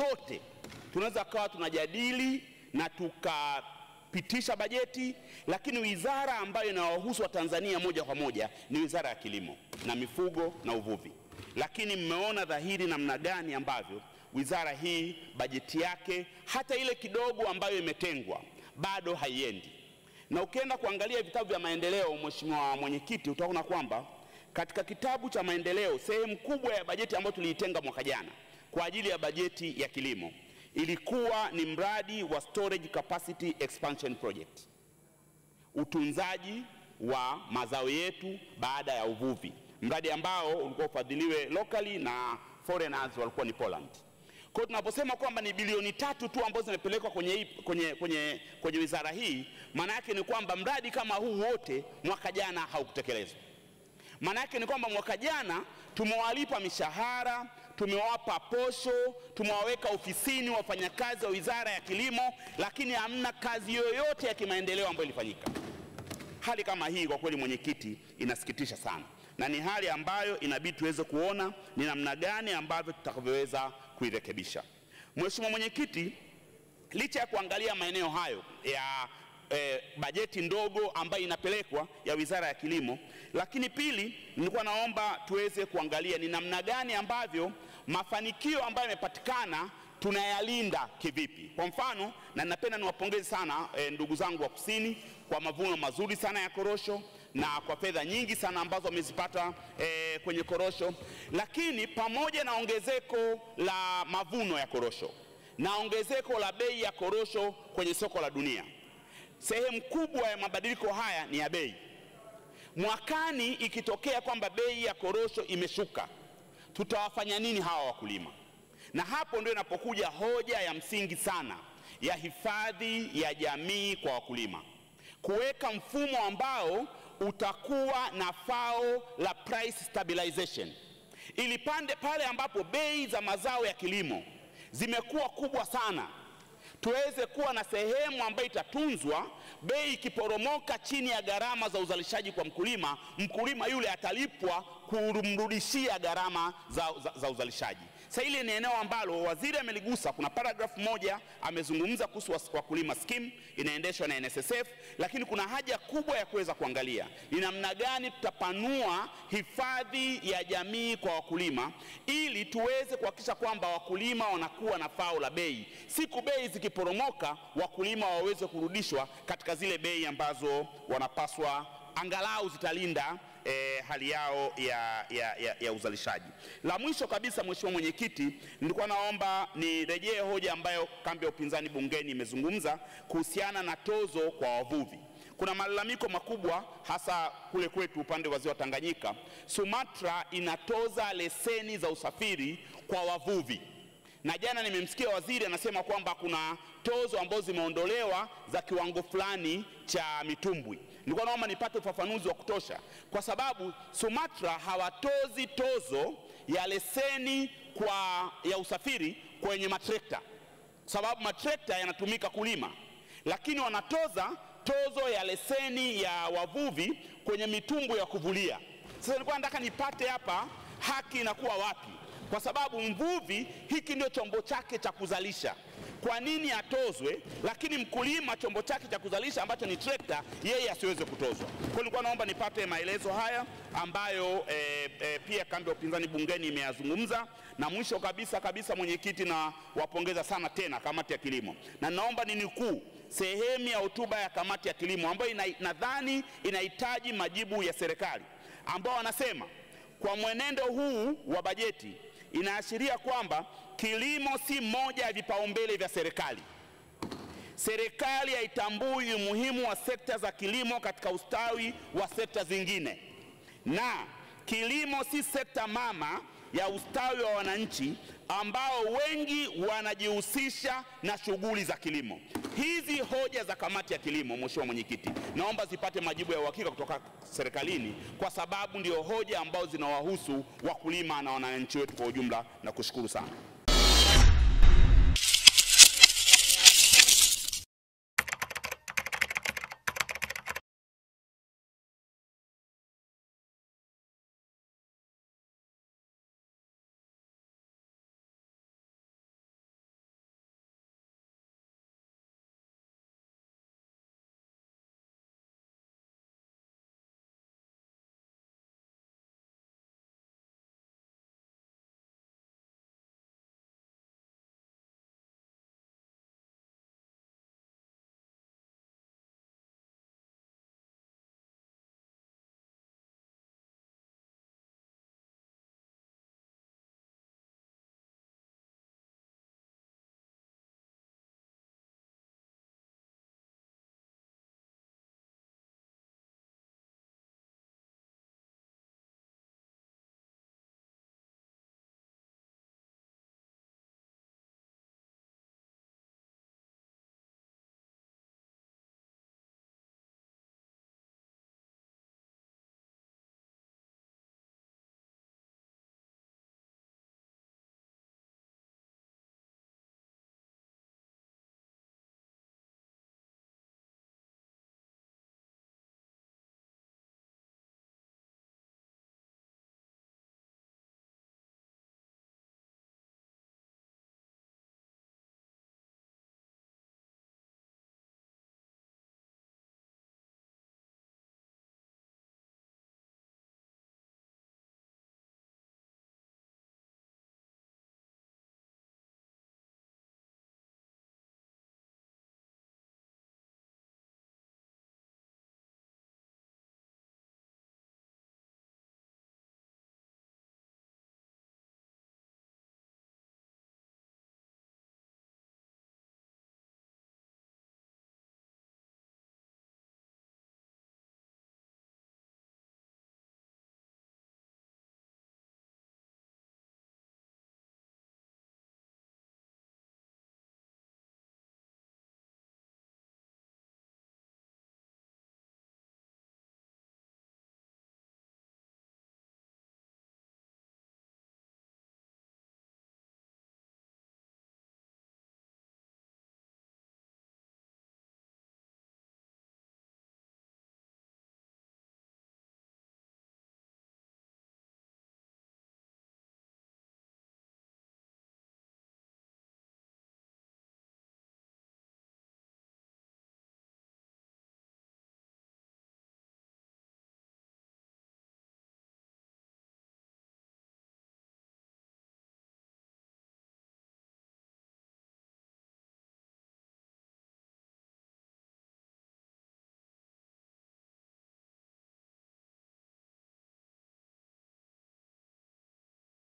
zote tunaweza kawa tunajadili na tukapitisha bajeti, lakini wizara ambayo inawahusu Watanzania moja kwa moja ni wizara ya kilimo na mifugo na uvuvi. Lakini mmeona dhahiri namna gani ambavyo wizara hii bajeti yake hata ile kidogo ambayo imetengwa bado haiendi. Na ukienda kuangalia vitabu vya maendeleo, Mheshimiwa Mwenyekiti, utaona kwamba katika kitabu cha maendeleo sehemu kubwa ya bajeti ambayo tuliitenga mwaka jana kwa ajili ya bajeti ya kilimo ilikuwa ni mradi wa storage capacity expansion project, utunzaji wa mazao yetu baada ya uvuvi, mradi ambao ulikuwa ufadhiliwe locally na foreigners walikuwa ni Poland. Kwa tunaposema kwamba ni bilioni tatu tu ambazo zimepelekwa kwenye, kwenye, kwenye, kwenye wizara hii, maana yake ni kwamba mradi kama huu wote mwaka jana haukutekelezwa. Maana yake ni kwamba mwaka jana tumewalipa mishahara, tumewapa posho, tumewaweka ofisini wafanyakazi wa Wizara ya Kilimo, lakini hamna kazi yoyote ya kimaendeleo ambayo ilifanyika. Hali kama hii kwa kweli, mwenyekiti, inasikitisha sana na ni hali ambayo inabidi tuweze kuona ni namna gani ambavyo tutakavyoweza kuirekebisha. Mheshimiwa Mwenyekiti, licha ya kuangalia maeneo hayo ya eh, bajeti ndogo ambayo inapelekwa ya Wizara ya Kilimo, lakini pili, nilikuwa naomba tuweze kuangalia ni namna gani ambavyo mafanikio ambayo yamepatikana tunayalinda kivipi? Kwa mfano, na ninapenda niwapongeze sana e, ndugu zangu wa kusini kwa mavuno mazuri sana ya korosho na kwa fedha nyingi sana ambazo wamezipata e, kwenye korosho. Lakini pamoja na ongezeko la mavuno ya korosho na ongezeko la bei ya korosho kwenye soko la dunia, sehemu kubwa ya mabadiliko haya ni ya bei. Mwakani ikitokea kwamba bei ya korosho imeshuka tutawafanya nini hawa wakulima? Na hapo ndio inapokuja hoja ya msingi sana ya hifadhi ya jamii kwa wakulima, kuweka mfumo ambao utakuwa na fao la price stabilization, ili pande pale ambapo bei za mazao ya kilimo zimekuwa kubwa sana tuweze kuwa na sehemu ambayo itatunzwa, bei ikiporomoka chini ya gharama za uzalishaji kwa mkulima, mkulima yule atalipwa kumrudishia gharama za, za, za uzalishaji. Sasa hili ni eneo ambalo waziri ameligusa. Kuna paragrafu moja amezungumza kuhusu wakulima scheme inaendeshwa na NSSF, lakini kuna haja kubwa ya kuweza kuangalia ni namna gani tutapanua hifadhi ya jamii kwa wakulima ili tuweze kuhakikisha kwamba wakulima wanakuwa na fao la bei, siku bei zikiporomoka, wakulima waweze kurudishwa katika zile bei ambazo wanapaswa angalau zitalinda e, hali yao ya, ya, ya, ya uzalishaji. La mwisho kabisa, Mheshimiwa Mwenyekiti, nilikuwa naomba nirejee hoja ambayo kambi ya upinzani bungeni imezungumza kuhusiana na tozo kwa wavuvi. Kuna malalamiko makubwa hasa kule kwetu upande wa ziwa Tanganyika. Sumatra inatoza leseni za usafiri kwa wavuvi. Na jana nimemsikia waziri anasema kwamba kuna tozo ambazo zimeondolewa za kiwango fulani cha mitumbwi. Nilikuwa naomba nipate ufafanuzi wa kutosha, kwa sababu Sumatra hawatozi tozo ya leseni kwa ya usafiri kwenye matrekta, sababu matrekta yanatumika kulima, lakini wanatoza tozo ya leseni ya wavuvi kwenye mitumbwi ya kuvulia. Sasa nilikuwa nataka nipate hapa haki inakuwa wapi? kwa sababu mvuvi hiki ndio chombo chake cha kuzalisha. Kwa nini atozwe, lakini mkulima chombo chake cha kuzalisha ambacho ni trekta yeye asiweze kutozwa? Kwa nilikuwa naomba nipate maelezo haya ambayo e, e, pia kambi ya upinzani bungeni imeyazungumza. Na mwisho kabisa kabisa, mwenyekiti, na wapongeza sana tena kamati ya kilimo, na naomba ninukuu sehemu ya hotuba ya kamati ya kilimo ambayo nadhani inahitaji majibu ya serikali, ambao wanasema kwa mwenendo huu wa bajeti inaashiria kwamba kilimo si moja ya vipaumbele vya serikali. Serikali haitambui umuhimu wa sekta za kilimo katika ustawi wa sekta zingine, na kilimo si sekta mama ya ustawi wa wananchi ambao wengi wanajihusisha na shughuli za kilimo. Hizi hoja za kamati ya kilimo, Mheshimiwa Mwenyekiti, naomba zipate majibu ya uhakika kutoka serikalini, kwa sababu ndio hoja ambazo zinawahusu wakulima na wananchi wetu kwa ujumla, na kushukuru sana.